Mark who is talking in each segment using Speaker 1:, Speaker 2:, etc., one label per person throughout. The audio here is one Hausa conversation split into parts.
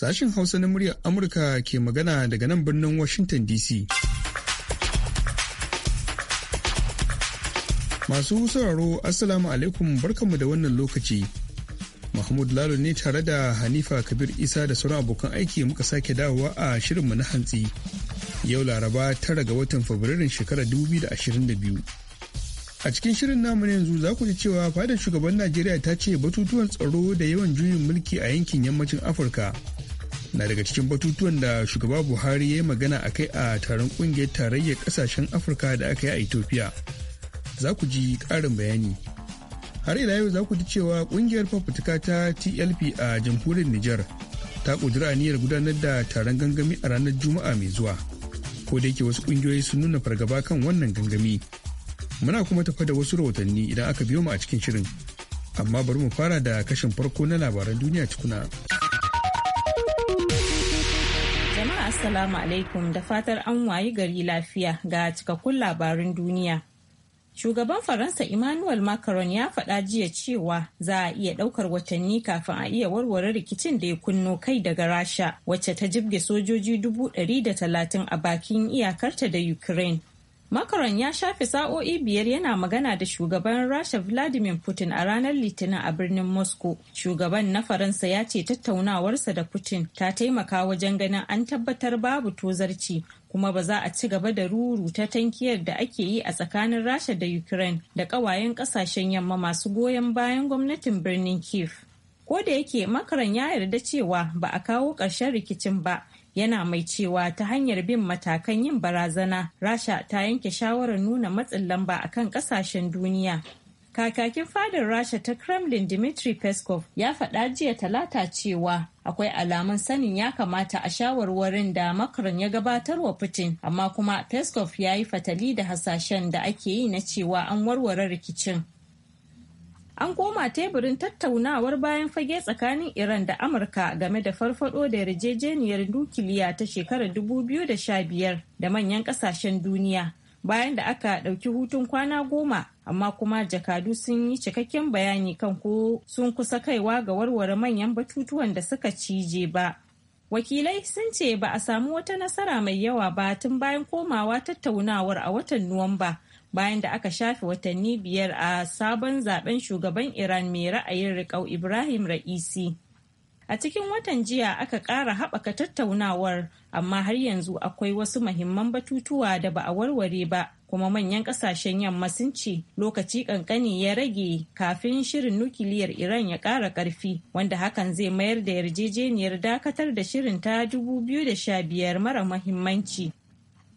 Speaker 1: Sashen Hausa na muryar Amurka ke magana daga nan birnin Washington DC. Masu sauraro Assalamu alaikum barkanmu da wannan lokaci. Mahmud Lalo ne tare da Hanifa Kabir Isa da sauran abokan aiki muka sake dawowa a shirinmu na hantsi. Yau Laraba tara ga watan Fabrairun shekarar 2022. A cikin shirin namu yanzu za ku ji cewa fadar shugaban Najeriya ta ce batutuwan tsaro da yawan juyin mulki a yankin yammacin Afirka na daga cikin batutuwan da shugaba buhari ya yi magana a kai a taron kungiyar tarayyar kasashen afirka da aka yi a ethiopia za ku ji karin bayani har ila yau za ku ji cewa kungiyar fafutuka ta tlp a jamhuriyar niger ta kudura aniyar gudanar da taron gangami a ranar juma'a mai zuwa ko da yake wasu kungiyoyi sun nuna fargaba kan wannan gangami muna kuma tafa da wasu rahotanni idan aka biyo mu a cikin shirin amma bari mu fara da kashin farko na labaran duniya tukuna.
Speaker 2: Assalamu alaikum da fatar an wayi gari lafiya ga cikakkun labarin duniya. Shugaban Faransa Emmanuel Macron ya faɗa jiya cewa za a iya ɗaukar watanni kafin a iya warware rikicin da ya kunno kai daga Rasha wacce ta jibge sojoji dubu ɗari da talatin a bakin iyakarta da Ukraine. Macron ya shafe sa'o'i biyar yana magana da shugaban Rasha Vladimir Putin a ranar Litinin a birnin Moscow. Shugaban na Faransa ya ce tattaunawarsa da Putin ta taimaka wajen ganin an tabbatar babu tozarci kuma ba za a ci gaba da ruru ta tankiyar da ake yi a tsakanin Rasha da Ukraine da ƙawayen ƙasashen yamma masu goyon bayan gwamnatin birnin Kiev. Ko da yake Macron ya yarda cewa ba a kawo ƙarshen rikicin ba, yana mai cewa ta hanyar bin matakan yin barazana rasha ta yanke shawarar nuna matsin lamba a kan kasashen duniya kakakin fadar rasha ta kremlin dmitry peskov ya faɗa jiya talata cewa akwai alamun sanin ya kamata a shawarwarin da makaron ya gabatar wa putin amma kuma peskov ya yi fatali da hasashen da ake yi na cewa an warware rikicin an koma teburin tattaunawar bayan fage tsakanin iran da amurka game da farfado da yarjejeniyar nukiliya ta shekarar 2015 da manyan kasashen duniya bayan da aka ɗauki hutun kwana goma amma kuma jakadu sun yi cikakken bayani kan ko sun kusa kaiwa ga warware manyan batutuwan da suka cije ba wakilai sun ce ba a samu wata nasara mai yawa ba tun bayan komawa tattaunawar a watan nuwamba bayan da aka shafe watanni biyar a sabon zaben shugaban iran mai ra'ayin riƙau ibrahim ra'isi a cikin watan jiya aka ƙara haɓaka tattaunawar amma har yanzu akwai wasu mahimman batutuwa da ba a warware ba kuma manyan ƙasashen yamma sun ce lokaci ƙanƙani ya rage kafin shirin nukiliyar iran ya ƙara ƙarfi wanda hakan zai mayar da yarjejeniyar dakatar da shirin ta 2015 mara mahimmanci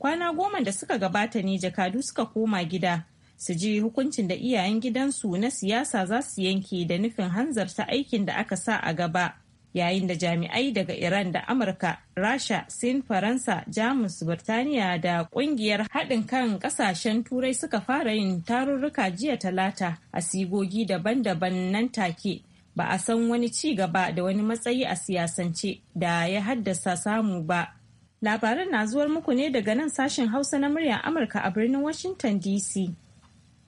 Speaker 2: kwana goma da suka gabata ne jakadu suka koma gida su ji hukuncin da iyayen gidansu na siyasa za su yanke da nufin hanzarta aikin da aka sa a gaba yayin da jami'ai daga iran da amurka rasha sin faransa jamus birtaniya da kungiyar haɗin kan ƙasashen turai suka fara yin tarurruka jiya talata a sigogi daban-daban nan take ba a san wani ci gaba da wani matsayi a siyasance da ya haddasa samu ba Labaran na zuwar muku ne daga nan sashen Hausa na muryar Amurka a birnin Washington DC.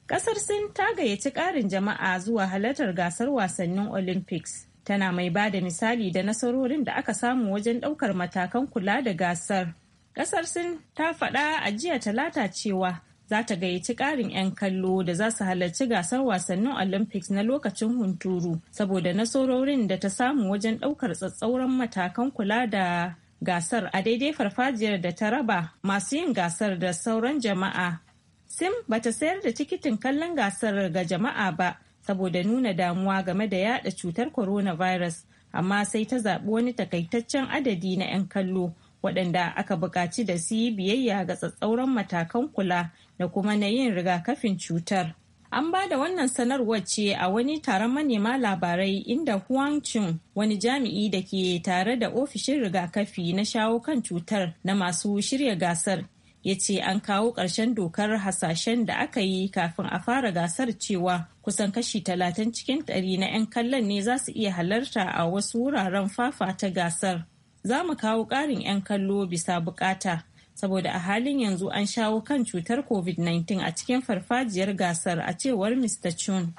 Speaker 2: Kasar Sin ta gayyaci ƙarin jama'a zuwa halartar gasar wasannin Olympics. Tana mai ba da misali da nasarorin da aka samu wajen ɗaukar matakan kula da gasar. Kasar Sin ta faɗa a jiya talata cewa za ta gayyaci ƙarin 'yan kallo da za su halarci gasar wasannin Olympics na lokacin hunturu saboda nasarorin da ta samu wajen ɗaukar tsatsauran matakan kula da gasar a daidai farfajiyar da ta raba masu yin gasar da sauran jama'a sim ta sayar da tikitin kallon gasar ga jama'a ba saboda nuna damuwa game da yada cutar coronavirus amma sai ta zaɓi wani takaitaccen adadi na 'yan kallo waɗanda aka buƙaci da su yi biyayya ga tsatsauran matakan kula da kuma na yin rigakafin cutar. An ba da wannan sanarwar ce a wani taron manema labarai inda Huang wani jami'i da ke tare da ofishin rigakafi na shawo kan cutar na masu shirya gasar ya ce an kawo ƙarshen dokar hasashen da aka yi kafin a fara gasar cewa kusan kashi talatin cikin ɗari na 'yan kallon ne za su iya halarta a wasu wuraren fafata gasar. Za mu kawo ƙarin 'yan kallo bisa buƙata. saboda a halin yanzu an shawo kan cutar covid-19 a cikin farfajiyar gasar a cewar mr chun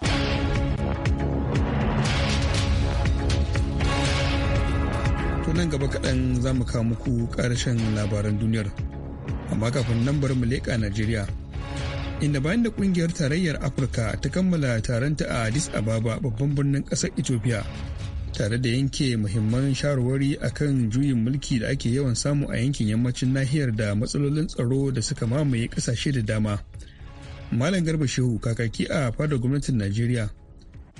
Speaker 1: nan gaba kaɗan za mu kawo muku ƙarshen labaran duniyar amma kafin nan bar mu leƙa najeriya inda bayan da ƙungiyar tarayyar afirka ta kammala taronta a addis ababa babban birnin ƙasar ethiopia tare da yanke muhimman shawarwari akan juyin mulki da ake yawan samu a yankin yammacin nahiyar da matsalolin tsaro da suka mamaye kasashe da dama malam garba shehu kakaki a fadar gwamnatin najeriya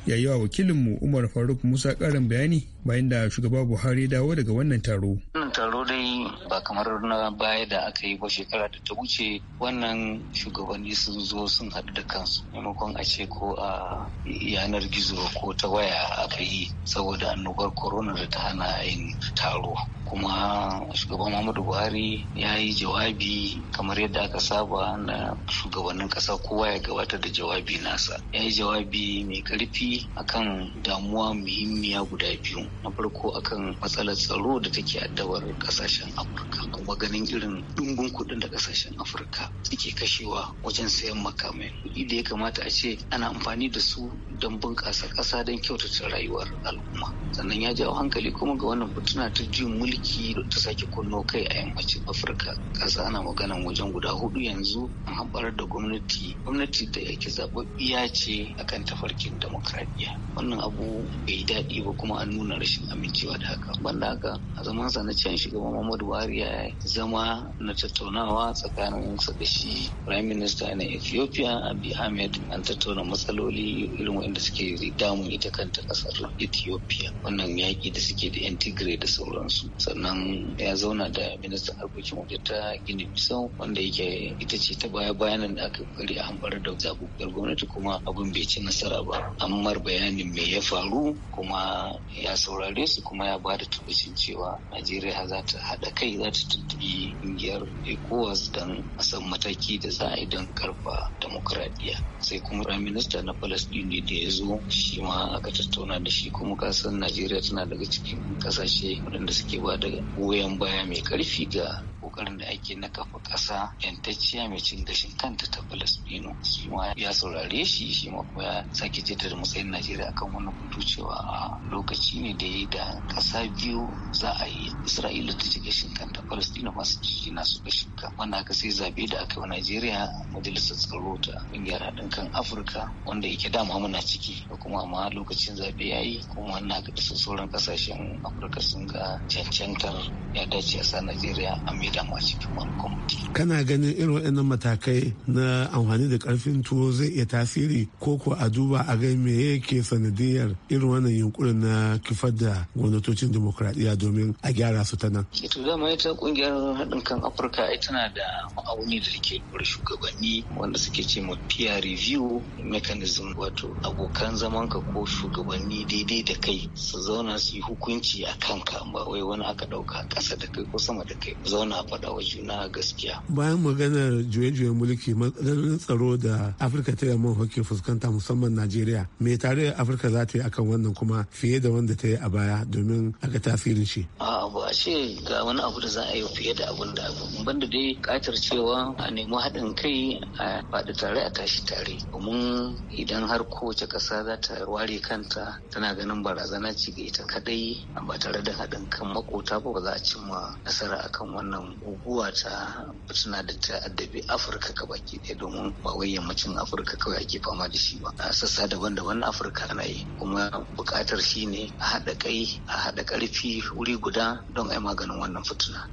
Speaker 1: ya yi wa wakilinmu umar faruk musa karin bayani bayan da shugaba buhari dawo daga wannan taro
Speaker 3: wannan taro dai ba kamar na baya da aka yi ba shekara da ta wuce wannan shugabanni sun zo sun haɗu da kansu maimakon a ce ko a yanar gizo ko ta waya aka yi saboda annobar corona da ta hana yin taro kuma shugaban muhammadu buhari ya yi jawabi kamar yadda aka saba na shugabannin ƙasa kowa ya gabatar da jawabi nasa ya yi jawabi mai karfi akan damuwa muhimmiya guda biyu na farko akan matsalar tsaro da take addabar ƙasashen afirka kuma ganin irin dungun kuɗin da ƙasashen afirka suke kashewa wajen sayan makamai kuɗi da ya kamata a ce ana amfani da su don bunƙasa ƙasa don kyautata rayuwar al'umma sannan ya jawo hankali kuma ga wannan fituna ta jin mulki lantarki ta sake kunno kai a yammacin afirka ƙasa ana maganan wajen guda hudu yanzu haɓar da gwamnati gwamnati da yake zaɓaɓɓiya ce akan tafarkin demokradiyya wannan abu bai daɗi ba kuma an nuna rashin amincewa da haka da haka a zaman sa na can shugaban muhammadu buhari ya zama na tattaunawa tsakanin sa da shi prime minister na ethiopia abiy ahmed an tattauna matsaloli irin wanda suke damun ita kanta ƙasar ethiopia wannan yaƙi da suke da integrate da sauransu sannan ya zauna da ministan harkokin waje ta gini bisau wanda yake ita ce ta baya bayanan da aka kari a hambar da zaɓuɓɓiyar gwamnati kuma abin bai ci nasara ba ammar bayanin me ya faru kuma ya saurare su kuma ya ba da tabbacin cewa najeriya za ta haɗa kai za ta tuntuɓi ƙungiyar ecowas don a san mataki da za a yi don karfa demokradiyya sai kuma prime minister na palestine da ya zo shi ma aka tattauna da shi kuma kasan najeriya tana daga cikin ƙasashe waɗanda suke ba da goyon baya mai karfi ga kokarin da ake na kafa kasa yantacciya mai cin gashin kanta ta Falasɗinu shi ma ya saurare shi shi ma kuma ya sake jaddada matsayin Najeriya akan wani hutu cewa a lokaci ne da ya da kasa biyu za a yi Isra'ila ta ci gashin kanta Falasɗinu masu ci na su gashin kan wannan aka sai zabe da aka yi Najeriya majalisar tsaro ta ƙungiyar haɗin kan Afirka wanda yake dama muna ciki da kuma ma lokacin zabe ya yi kuma wannan aka sauran ƙasashen Afirka sun ga cancantar ya dace a sa Najeriya a wajen masu gwamnati.
Speaker 1: Kana ganin irin waɗannan matakai na amfani da karfin tuwo zai iya tasiri ko ko a duba a ga me yake sanadiyar irin wannan yunkurin na kifar da gwamnatocin dimokuraɗiyya domin a gyara su ta nan.
Speaker 3: Ito dama ita ƙungiyar haɗin kan Afirka ai tana da ma'auni da take lura shugabanni wanda suke ce ma peer review mechanism wato abokan zaman ka ko shugabanni daidai da kai su zauna su yi hukunci a kanka ba wai wani aka ɗauka ƙasa da kai ko sama da kai zauna faɗa wa juna gaskiya.
Speaker 1: Bayan maganar juye juye mulki matsalolin tsaro da Afirka ta yamma hoke fuskanta musamman Najeriya me tare Afirka za ta yi akan wannan kuma fiye da wanda ta yi a baya domin
Speaker 3: aga tasirin shi. A ba a ce ga wani abu da za a yi fiye da abun da abu. Banda dai katar cewa a nemi haɗin kai a faɗi tare a tashi tare. Domin idan har kowace ƙasa za ta ware kanta tana ganin barazana ci ga ita kaɗai ba tare da haɗin kan makota ba ba za a cimma nasara akan wannan guguwa ta suna da ta'addabi afirka ka baki ɗaya domin ba wai yammacin afirka kawai ake fama da shi ba a sassa daban-daban na afirka na yi kuma buƙatar shi ne a haɗa kai a haɗa ƙarfi wuri guda don ai maganin wannan fitina.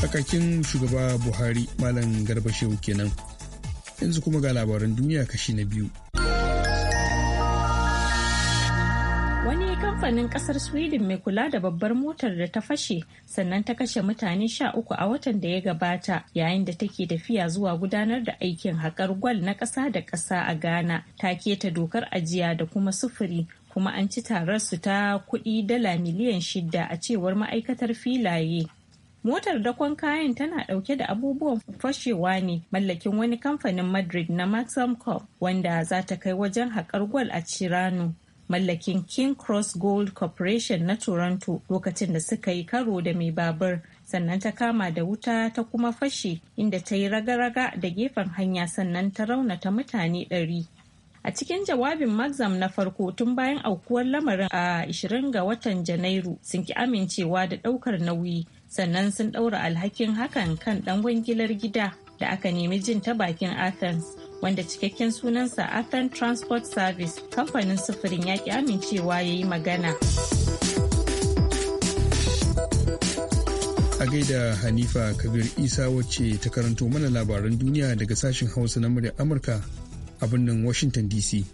Speaker 1: Hakakin shugaba Buhari Malam Garba Shehu kenan. Yanzu kuma ga labaran duniya kashi na biyu.
Speaker 2: kamfanin kasar sweden mai kula da babbar motar da ta fashe sannan ta kashe mutane sha uku a watan da ya gabata yayin da take tafiya zuwa gudanar da aikin haƙar gwal na ƙasa da ƙasa a ghana ta keta dokar ajiya da kuma sufuri kuma an ci tararsu ta kuɗi dala miliyan shida a cewar ma'aikatar filaye motar dakon kayan tana dauke da abubuwan fashewa ne mallakin wani kamfanin madrid na maxim wanda za ta kai wajen haƙar gwal a cirano mallakin king cross gold corporation na toronto lokacin da suka yi karo da mai babur sannan ta kama da wuta ta kuma fashe inda ta yi raga-raga da gefen hanya sannan ta raunata mutane ɗari. a cikin jawabin maxam na farko tun bayan aukuwar lamarin a 20 ga watan janairu sun ki amincewa da ɗaukar nauyi sannan sun ɗaura alhakin hakan kan ɗan gwangilar gida da aka nemi jin ta bakin athens wanda cikakken sunansa athan Transport Service kamfanin sufurin ya yaƙi amincewa ya yi magana.
Speaker 1: A gaida Hanifa Kabir Isa wacce ta karanto mana labaran duniya daga sashen Hausa na muryar Amurka a birnin Washington DC.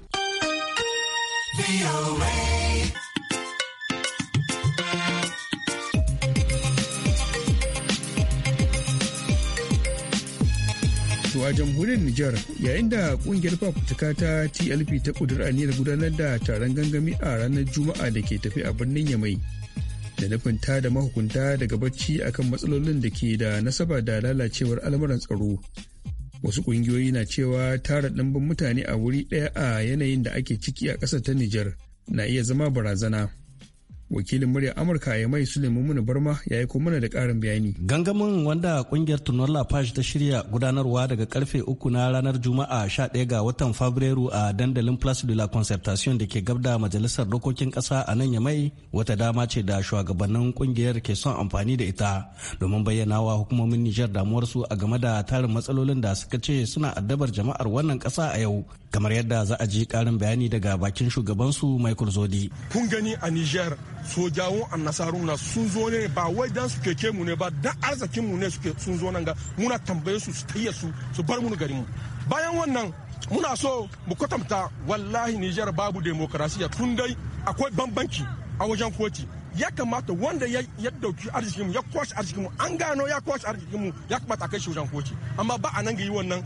Speaker 1: a jamhuriyar Nijar yayin da kungiyar fafutuka ta TLP ta kudur aniyar gudanar da taron gangami a ranar Juma'a da ke tafi a birnin Yamai. Da nufin ta da mahukunta daga bacci akan matsalolin da ke da nasaba da lalacewar al'amuran tsaro. Wasu kungiyoyi na cewa tara ɗimbin mutane a wuri ɗaya a yanayin da ake ciki a ƙasar ta Nijar na iya zama barazana. wakilin murya amurka ya mai suleiman barma ya yi mana da karin bayani
Speaker 4: gangamin wanda kungiyar tunon lafash ta shirya gudanarwa daga karfe uku na ranar juma'a sha 11 ga watan fabrairu a dandalin place de la concertation da ke gabda majalisar dokokin kasa a nan ya mai wata dama ce da shugabannin kungiyar ke son amfani da ita domin bayyana wa hukumomin nijar damuwarsu a game da tarin matsalolin da suka ce suna addabar jama'ar wannan kasa a yau kamar yadda za a ji karin bayani daga bakin shugabansu michael zodi
Speaker 1: kun gani a nijar sojawun annasaru na sun zo ne ba wai dan su keke mu ne ba dan arzikin mu ne suke sun zo nan ga muna tambaye su su tayya su su bar mu garin mu bayan wannan muna so mu kwatanta wallahi Niger babu demokrasiya tun dai akwai bambanci a wajen koti ya kamata wanda ya dauki arzikinmu ya kwashe arzikinmu an gano ya kwashe arzikinmu ya kamata kai shi wajen koti amma ba a nan ga yi wannan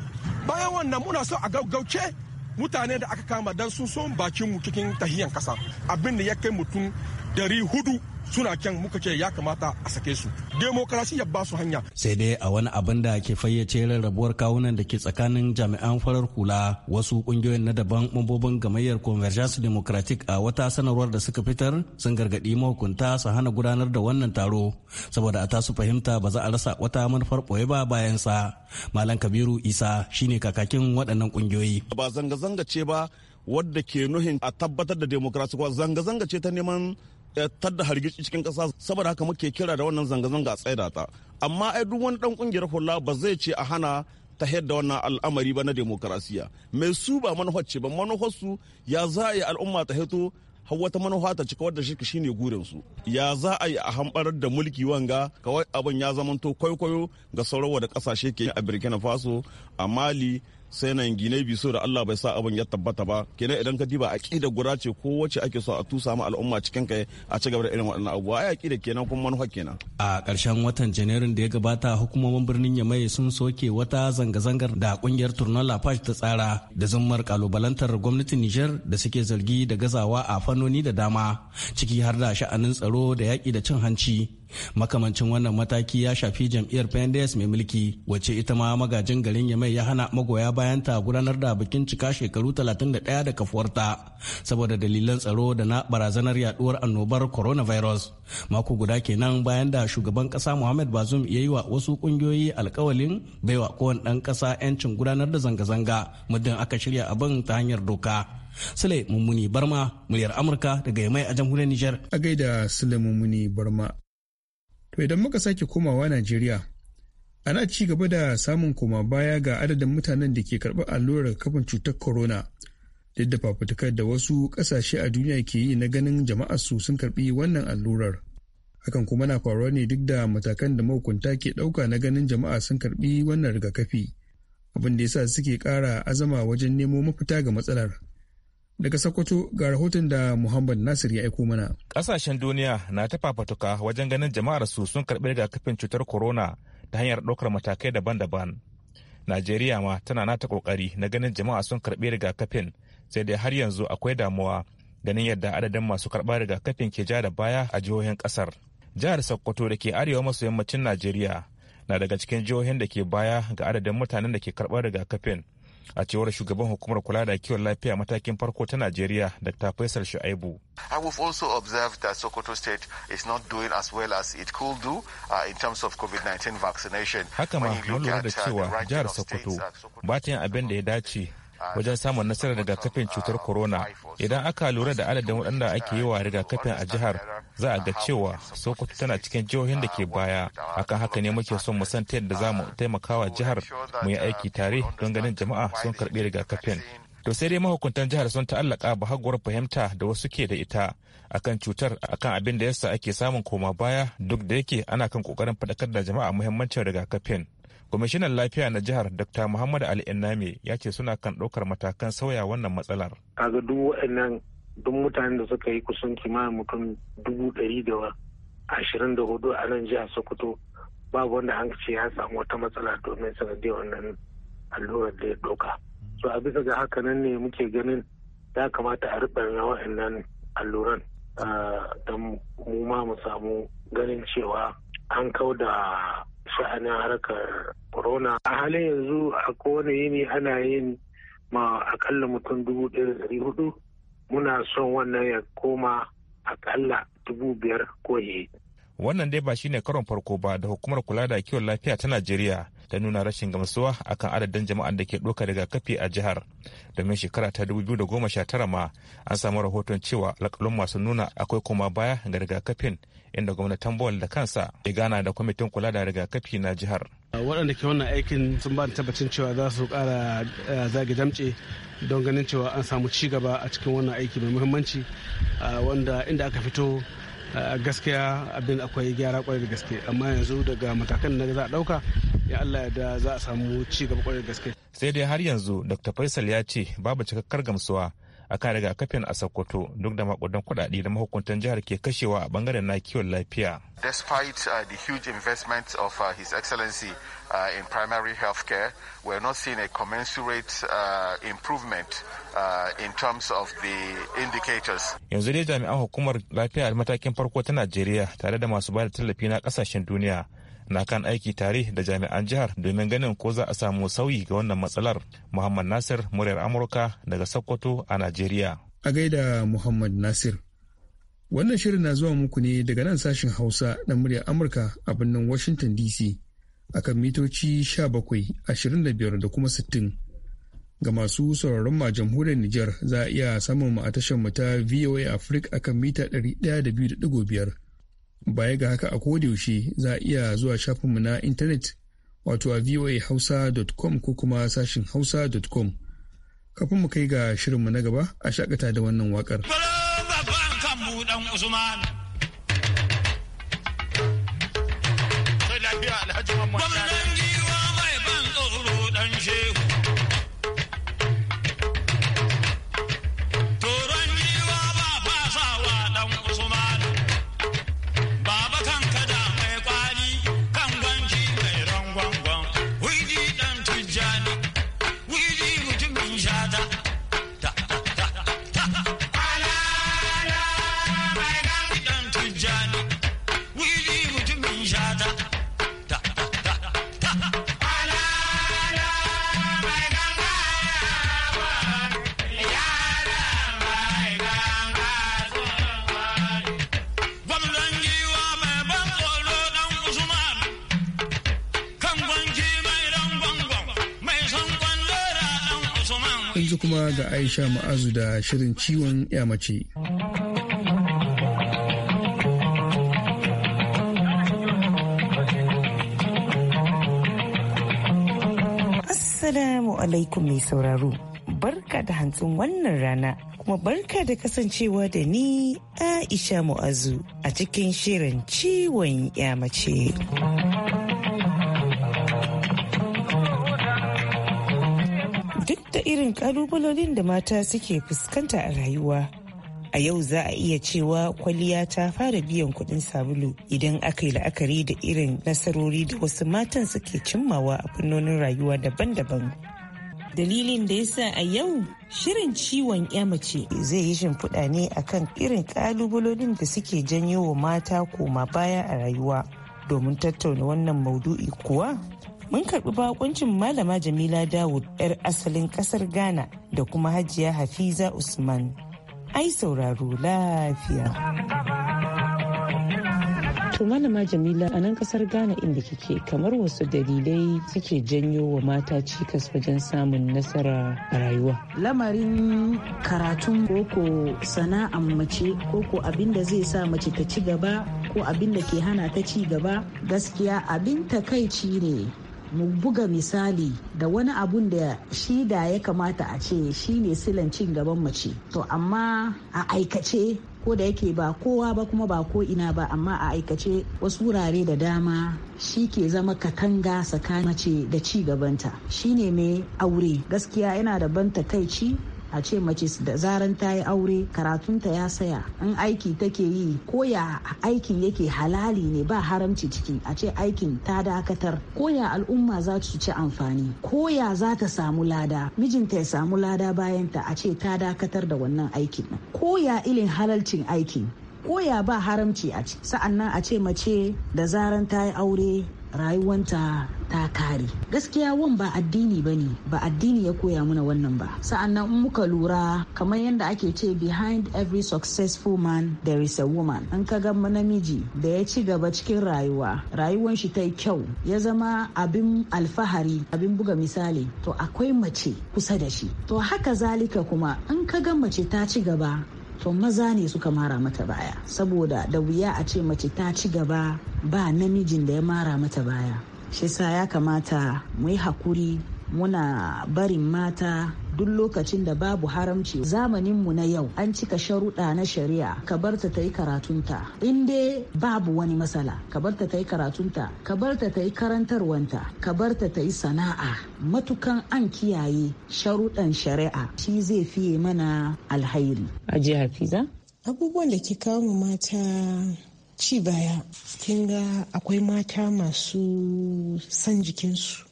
Speaker 1: bayan wannan muna so a gaugauce mutane da aka kama dan sun so bakin mu cikin tahiyan kasa abin da ya kai mutum dari hudu suna kyan muka ce ya kamata a sake su demokarasi ya ba su hanya
Speaker 4: sai dai a wani abin da ke fayyace rarrabuwar kawunan da ke tsakanin jami'an farar hula wasu kungiyoyin na daban mambobin gamayyar convergence democratic a wata sanarwar da suka fitar sun gargadi mahukunta su hana gudanar da wannan taro saboda a ta su fahimta ba za a rasa wata manufar ɓoye ba bayan sa malam kabiru isa shine kakakin waɗannan kungiyoyi ba zanga-zanga ce
Speaker 5: ba wadda ke nuhin a tabbatar da demokrasi zanga-zanga ce ta neman da hargitsi cikin kasa saboda haka muke kira da wannan zanga-zanga a tsaida ta amma ai duk wani dan kungiyar hula ba zai ce a hana ta da wannan al'amari ba na demokarasiya mai su ba manufar ce ba manufar su ya za a yi al'umma ta hito hau wata manufa ta cika wadda shi ne gurin su ya za a yi a hambarar da mulki wanga kawai abin ya zamanto kwaikwayo ga sauran da kasashe ke a burkina faso a mali sai nan gine biso da allah bai sa abin ya tabbata ba kenan idan ka diba aƙida guda ce ko wacce ake so a tusa ma al'umma cikin kai a ci gaba da irin waɗannan abubuwa ai aƙida kenan kuma manufa kenan
Speaker 4: a ƙarshen watan janairun da ya gabata hukumomin birnin yamai sun soke wata zanga-zangar da ƙungiyar turnon lafash ta tsara da zummar kalubalantar gwamnatin niger da suke zargi da gazawa a fannoni da dama ciki har da sha'anin tsaro da yaƙi da cin hanci makamancin wannan mataki ya shafi jam'iyyar pendes mai mulki wacce ita ma magajin garin yamai ya hana magoya bayan ta gudanar da bikin cika shekaru 31 da kafuwarta saboda dalilan tsaro da na barazanar yaduwar annobar coronavirus mako guda kenan bayan da shugaban kasa muhammad bazum ya yi wa wasu kungiyoyi alkawalin baiwa kowane dan kasa 'yancin gudanar da zanga-zanga muddin aka shirya abin ta hanyar doka sule mummuni barma muryar amurka daga yamai a jamhuriyar Nijar. a gaida sule mummuni barma To idan muka sake komawa Najeriya, ana ci
Speaker 1: gaba da samun koma baya ga adadin mutanen da ke karɓar allurar kafin cutar corona. Duk da fafutukar da wasu ƙasashe a duniya ke yi na ganin jama'ar su sun karɓi wannan allurar. Hakan kuma na faruwa ne duk da matakan da mahukunta ke ɗauka na ganin jama'a sun karɓi wannan rigakafi. Abin da ya sa suke ƙara azama wajen nemo mafita ga matsalar. Daga Sokoto ga rahoton da Muhammad Nasir ya aiko mana.
Speaker 5: Kasashen duniya na ta fafatuka wajen ganin jama'ar su sun karɓi rigakafin cutar corona ta hanyar ɗaukar matakai daban-daban. Najeriya ma tana nata kokari na ganin jama'a sun karɓi rigakafin sai dai har yanzu akwai damuwa ganin yadda adadin masu karɓar rigakafin ke ja da baya a jihohin ƙasar. Jihar Sokoto da ke arewa maso yammacin Najeriya na daga cikin jihohin da ke baya ga adadin mutanen da ke karɓar rigakafin. a cewar shugaban hukumar kula da kiwon lafiya matakin farko ta najeriya dr faisal shu'aibu I have also observed that Sokoto State is not doing as well as it could do uh, in terms of COVID-19 vaccination. Haka ma mun lura da uh, cewa jihar uh, Sokoto ba ta yin abin da ya dace uh, wajen samun nasarar rigakafin cutar corona idan aka lura da adadin waɗanda ake yi wa rigakafin a jihar za a ga cewa sokoto tana cikin jihohin da ke baya akan haka ne muke son mu san ta yadda za mu taimakawa jihar mu yi aiki tare don ganin jama'a sun karɓi rigakafin to sai dai mahukuntan jihar sun ta'allaka ba bahaguwar fahimta da wasu ke da ita akan cutar akan abin da yasa ake samun koma baya duk da yake ana kan kokarin faɗakar da jama'a muhimmancin rigakafin kwamishinan lafiya na jihar dr muhammad ali ya ce suna kan ɗaukar matakan sauya wannan matsalar
Speaker 3: kaga duk waɗannan duk mutanen da suka yi kusan kimanin mutum dubu ɗari da ashirin da hudu a nan jihar sokoto babu wanda an ce ya samu wata matsala domin sanadiyar wannan allurar da ya doka so a bisa ga haka nan ne muke ganin ya kamata a riɓa nan alluran don mu ma mu samu ganin cewa an kau da sha'anin harkar corona a halin yanzu a kowane yini ana yin ma akalla mutum dubu ɗaya da ɗari hudu muna son wannan ya koma akalla dubu biyar ko
Speaker 5: wannan dai ba shine karon farko ba da hukumar kula da kiwon lafiya ta najeriya ta nuna rashin gamsuwa akan adadin jama'ar da ke ɗaukar rigakafi a jihar domin shekara ta da goma sha tara ma an samu rahoton cewa alƙalin masu nuna akwai koma baya ga rigakafin inda gwamnatin Bol da kansa ya gana da kwamitin kula da rigakafi na jihar.
Speaker 4: Waɗanda ke wannan aikin sun ba da tabbacin cewa za su kara eh, zage damce don ganin cewa an samu ci gaba a cikin wannan aiki mai muhimmanci eh, wanda inda aka fito eh, gaskiya abin akwai gyara kwarai da gaske amma yanzu daga matakan da za a ɗauka ya Allah da za a samu ci gaba kwarai da gaske.
Speaker 5: Sai dai har yanzu Dr. Faisal ya ce babu cikakkar gamsuwa akan rigakafin a Sokoto duk da makudan kuɗaɗe da mahukuntan jihar ke kashewa a bangaren na kiwon lafiya. Despite uh, the huge investment of uh, His Excellency uh, in primary health care, we're not seeing a commensurate uh, improvement uh, in terms of the indicators. Yanzu dai jami'an hukumar lafiya matakin farko ta Najeriya tare da masu bayar tallafi na kasashen duniya na kan aiki tare da jami'an jihar domin ganin ko za a samu sauyi ga wannan matsalar. Muhammad Nasir muryar Amurka daga Sokoto a Najeriya.
Speaker 1: A gaida Muhammad Nasir. Wannan shirin na zuwa muku ne daga nan sashen Hausa na muryar Amurka a birnin Washington DC akan mitoci 17, 25 da kuma 60. Ga masu sauraron ma jamhuriyar Nijar za a iya samun mu a tashar mu ta VOA Africa akan mita 102.5. Baya ga haka a kodayaushe za a iya zuwa shafinmu na intanet wato a voahausa.com ko kuma sashin hausa.com. Kafin mu kai ga shirinmu na gaba a shakata da wannan wakar. Gwamnati yanzu kuma ga aisha ma'azu da shirin ciwon mace.
Speaker 6: Assalamu alaikum mai sauraro. Barka da hantsin wannan rana kuma barka da kasancewa da ni Aisha Mu'azu a cikin shirin ciwon mace. irin kalubalolin da mata suke fuskanta a rayuwa a yau za a iya cewa kwaliya ta fara biyan kuɗin sabulu idan aka yi la'akari da irin nasarori da wasu matan suke cimmawa a fannonin rayuwa daban-daban dalilin da yasa a yau shirin ciwon ya mace zai yi shimfiɗa ne akan irin kalubalolin da suke janyo wa mata koma baya a rayuwa domin tattauna wannan maudu'i kuwa mun karbi bakuncin malama jamila dawud 'yar asalin ƙasar ghana da kuma hajiya hafiza usman ai sauraro lafiya to malama jamila a nan kasar ghana inda kike kamar wasu dalilai suke janyo wa mata cikas wajen samun nasara a rayuwa lamarin
Speaker 7: karatun koko sana'an mace koko abin da zai sa mace ta ci gaba ko abin da ke hana ta ci gaba gaskiya abin takaici ne mu buga misali da wani abun da shi da ya kamata a ce shi ne silan cin gaban mace to amma a aikace ko da yake ba kowa ba kuma ba ko ina ba amma a aikace wasu wurare da dama shi ke zama katanga tsakanin mace da ci gabanta shi ne mai aure gaskiya yana da ban takaici a ce mace da zaran ta yi aure karatunta ya saya in aiki take yi koya aikin yake halali ne ba haramci ciki a ce aikin ta dakatar koya al'umma za su ci amfani koya za ta samu lada mijinta ya samu lada bayanta a ce ta dakatar da wannan aikin koya ilin halalcin aikin ya ba haramci a Sa'an sa'annan a ce mace da zaran ta yi aure rayuwanta ta kare gaskiya wan ba addini ba ne ba addini ya koya mana wannan ba sa'annan in muka lura kamar yadda ake ce behind every successful man there is a woman in ka ga namiji da ya ci gaba cikin rayuwa rayuwan shi ta kyau ya zama abin alfahari abin buga misali to akwai mace kusa da shi to haka zalika kuma in ka ga mace ta ci gaba to maza ne suka mara mata baya saboda da wuya a ce mace ta ci gaba ba namijin da ya mara mata baya shi ya kamata mu yi hakuri muna barin mata duk lokacin da babu haramci mu na yau an cika sharuɗa na shari'a ka barta ta yi karatunta in dai babu wani matsala ka barta ta yi karatunta ka barta ta yi karantarwanta ka barta ta yi sana'a matukan an kiyaye sharuɗan shari'a shi zai fiye mana
Speaker 6: alhairi a jihar
Speaker 8: abubuwan da ke kawo mata ci baya kin ga akwai mata masu san jikinsu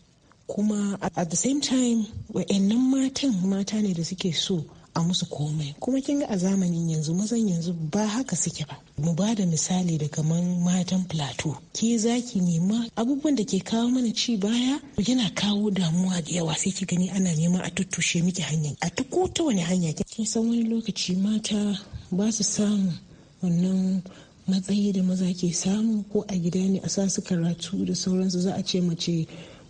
Speaker 8: kuma at the same time wa'annan matan mata ne da suke so a musu komai kuma kin ga a zamanin yanzu mazan yanzu ba haka suke ba mu ba da misali da kaman matan plateau ke zaki nema abubuwan da ke kawo mana ci baya yana kawo damuwa da yawa sai ki gani ana nema a tuttushe miki hanya a ta ko ta wani hanya kin san wani lokaci mata ba su samu wannan matsayi da maza ke samu ko a gida ne a sa su karatu da sauransu za a ce mace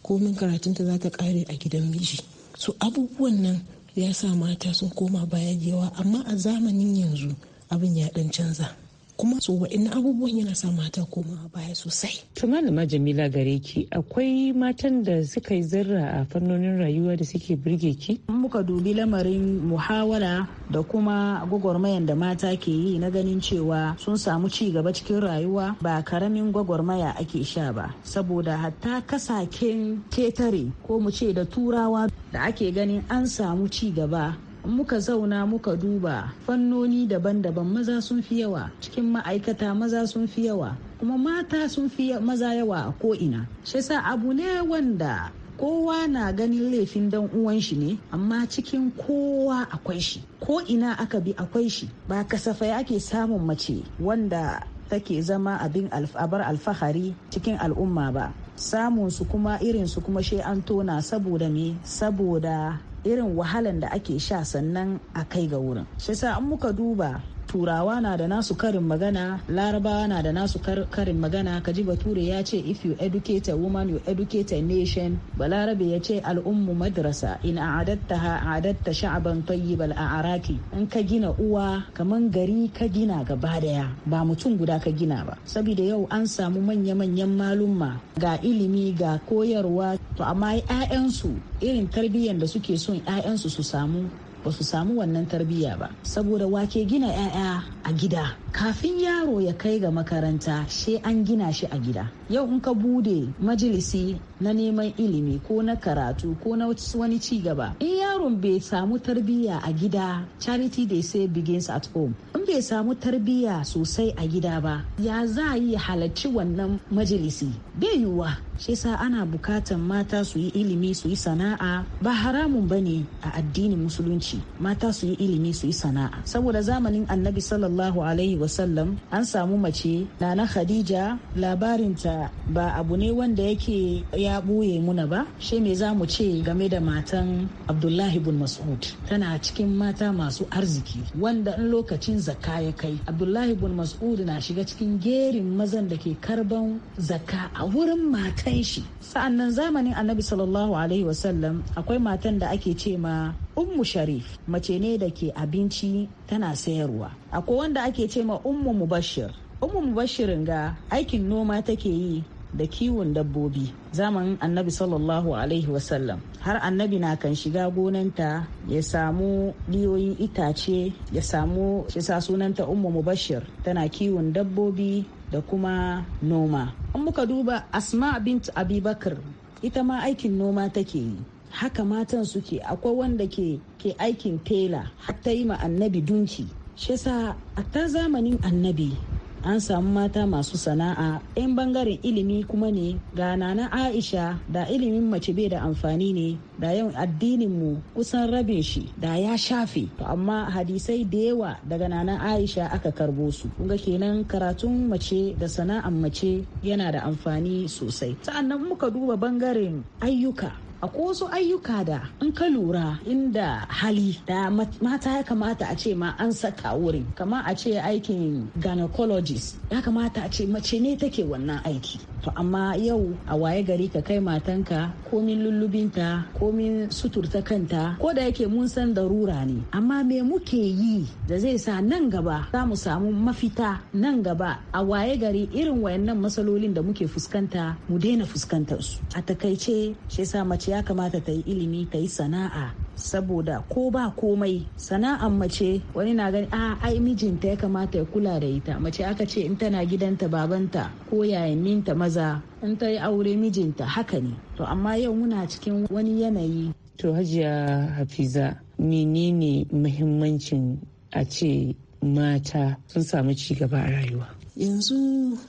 Speaker 8: komin karatunta za ta kare a gidan miji su abubuwan nan ya sa mata sun koma baya yawa amma a zamanin yanzu abin ya dan canza kuma su wa'in abubuwan yana sa mata koma
Speaker 6: baya sosai. to malama jamila gare ki akwai matan da suka yi zarra a fannonin rayuwa da suke birge ki. muka dubi lamarin muhawara
Speaker 7: da kuma gwagwarmayan da mata ke yi na ganin cewa sun samu ci gaba cikin rayuwa ba karamin gwagwarmaya ake sha ba saboda hatta kasaken ketare ko mu ce da turawa da ake ganin an samu ci gaba muka zauna muka duba fannoni daban-daban maza sun fi yawa cikin ma'aikata maza sun fi yawa kuma mata sun fi maza yawa a ko'ina shi sa abu ne wanda kowa na ganin laifin dan uwan shi ne amma cikin kowa akwai shi ko ina aka bi akwai shi ba kasafai ake samun mace wanda take zama abin abar alfahari cikin al'umma ba samun su kuma irin su kuma she an tona saboda me saboda irin wahalan da ake sha sannan a kai ga wurin shi yasa an muka duba turawa na da nasu karin magana larabawa na da nasu karin magana kaji bature ya ce if you educate a woman you educate a nation balarabe ya ce al'ummu madrasa in a'adatta ha a'adatta sha'aban tayyibal a araki in ka gina uwa kaman gari ka gina gaba daya ba mutum guda ka gina ba saboda yau an samu manya-manyan malumma ga ilimi ga koyarwa to amma 'ya'yansu irin tarbiyyar da suke son 'ya'yansu su samu ba su samu wannan tarbiyya ba saboda wake gina 'ya'ya a gida kafin yaro ya kai ga makaranta she an gina shi a gida yau in ka bude majalisi na neman ilimi ko na karatu ko na wani ci gaba in yaron bai samu tarbiyya a gida charity dey say begins at home in bai samu tarbiyya sosai a gida ba ya za a yi halarci wannan majalisi bai yiwuwa shi sa ana bukatan mata su yi ilimi su yi sana'a ba haramun ba ne a addinin musulunci mata su yi ilimi su yi sana'a saboda zamanin annabi sallallahu alaihi wasallam an samu mace na na khadija labarinta ba abu ne wanda yake ya buye muna ba shi me za mu ce game da matan abdullahi bin mas'ud tana cikin mata masu arziki wanda in lokacin zakka ya kai abdullahi bin mas'ud na shiga cikin gerin mazan da ke karban zakka a wurin matan shi sa'annan zamanin annabi sallallahu alaihi wasallam akwai matan da ake ce ma ummu sharif mace ne da ke abinci tana sayarwa akwai wanda ake ce ma ummu mubashir ummu mubashirin ga aikin noma take yi da kiwon dabbobi zaman annabi sallallahu alaihi wasallam har annabi na kan shiga gonanta ya samu liyoyin itace ya samu shisa sunanta ummu mubashir tana kiwon dabbobi da kuma noma an muka duba asma bint abubakar ita ma aikin noma take yi haka matan suke akwai wanda ke ke aikin tela ta yi ma annabi dunki shi yasa a ta zamanin annabi an samu mata masu sana'a 'yan bangaren ilimi kuma ne ga nana aisha da ilimin mace bai da amfani ne da yawan addininmu kusan rabin shi da ya shafe To amma hadisai da yawa daga nana aisha aka karbo su kuma kenan karatun mace da sana'an mace yana da amfani sosai sa'annan muka duba bangaren ayyuka akwai wasu ayyuka da in ka lura inda hali da mata ya kamata a ce ma an saka wurin kamar a ce aikin gynecologist ya kamata a ce mace ne take wannan aiki to amma yau a waye gari ka kai matanka komin lullubinta komin suturta kanta ko da yake mun san darura ne amma me muke yi da zai sa nan gaba za mu samu mafita nan gaba a waye gari irin wayannan matsalolin da muke fuskanta mu daina fuskantar su a takaice shi sa mace ya kamata ta yi ilimi ta yi sana'a saboda ko ba komai sana'an mace wani na gani a ah, ai mijinta ya kamata ya kula da ita mace aka ce in tana gidanta babanta ko yayaninta maza in ta yi aure mijinta haka ne to amma yau muna
Speaker 6: cikin wani yanayi to hajiya hafiza menene muhimmancin a ce mata sun samu cigaba a rayuwa
Speaker 8: yanzu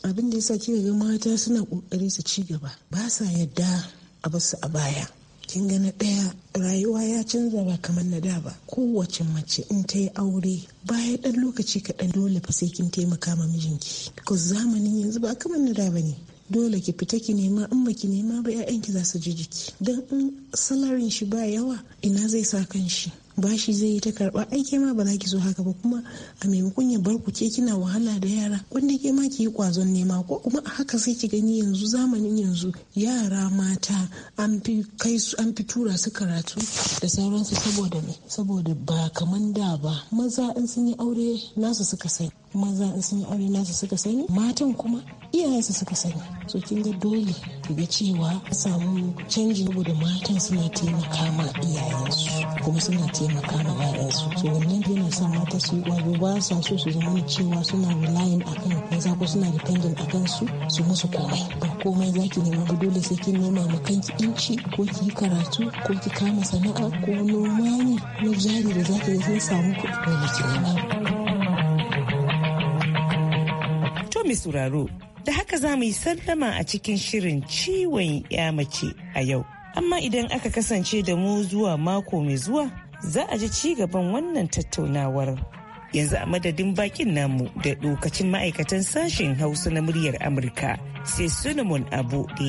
Speaker 8: abin da ya sa kika ga mata suna kokari su ci gaba ba sa yadda a basu a baya kin ga na ɗaya rayuwa ya canza ba kamar na da ba kowace mace in ta yi aure baya ɗan lokaci kaɗan dole fa sai kin taimaka ma mijinki ko zamanin yanzu ba kamar na da ba ne dole ki fita ki nema in baki nema ba 'ya'yanki za su ji jiki don in salarin shi ba yawa ina zai sa kan shi bashi zai yi ta karba ai ke ma ba za ki zo haka ba kuma a maimakon ya bar ku ke kina wahala da yara wanda ke ma ki yi kwazon nema ko kuma a haka sai ki gani yanzu zamanin yanzu yara mata an fi tura su karatu da sauransu saboda me saboda ba kaman da ba maza in sun yi aure nasu suka sani maza in sun yi aure nasu suka sani matan kuma iyayensu suka sani so kin ga dole ki ga cewa samu canji saboda matan suna taimaka ma iyayensu kuma suna taimaka taimaka ma 'ya'yansu to wannan yana sa mata su yi ƙwazo ba sa so su zama cewa suna relying akan maza ko suna dependent akan su su musu komai ba komai zaki nema ba dole sai kin nema ma kanki inci ko ki yi karatu ko ki kama sana'a ko noma ne na jari da zaki ga sai samu kuɗi
Speaker 6: ko ki nema. To mai sauraro da haka za mu yi sallama a cikin shirin ciwon ya mace a yau. Amma idan aka kasance da mu zuwa mako mai zuwa za a ji ci gaban wannan tattaunawar. Yanzu a madadin bakin namu da lokacin ma'aikatan sashen Hausa na muryar Amurka sai Solomon Abu da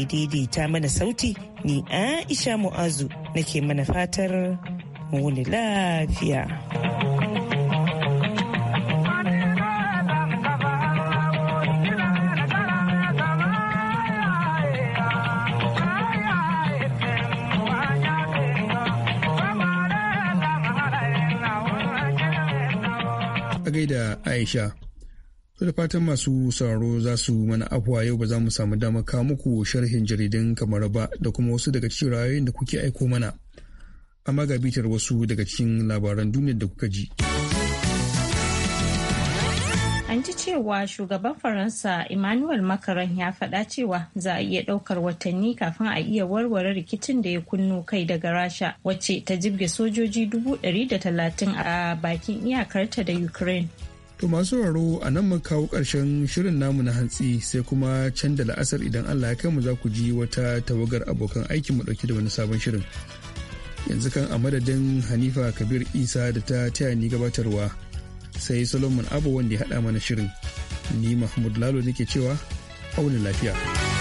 Speaker 6: ya mana sauti ni Aisha Mu'azu nake mana fatar muni lafiya.
Speaker 1: da Aisha. To da fatan masu sauraro za su mana afuwa yau ba za mu samu dama kawo muku sharhin jaridun kamar ba da kuma wasu daga cikin rayoyin da kuke aiko mana. Amma ga bitar wasu daga cikin labaran duniyar da kuka ji.
Speaker 2: An ji cewa shugaban Faransa Emmanuel Macron ya faɗa cewa za a iya ɗaukar watanni kafin a iya warware rikicin da ya kunno kai daga Rasha wacce ta jibge sojoji dubu ɗari da talatin a bakin iyakarta da Ukraine.
Speaker 1: To masu sauraro a nan muka kawo ƙarshen shirin namu na hantsi sai kuma can da la'asar idan Allah ya kai mu za ku ji wata tawagar abokan aikin mu ɗauki da wani sabon shirin. Yanzu kan a madadin Hanifa Kabir Isa da ta taya ni gabatarwa sai Solomon Abu wanda ya haɗa mana shirin. Ni Mahmud Lalo nake cewa auni lafiya.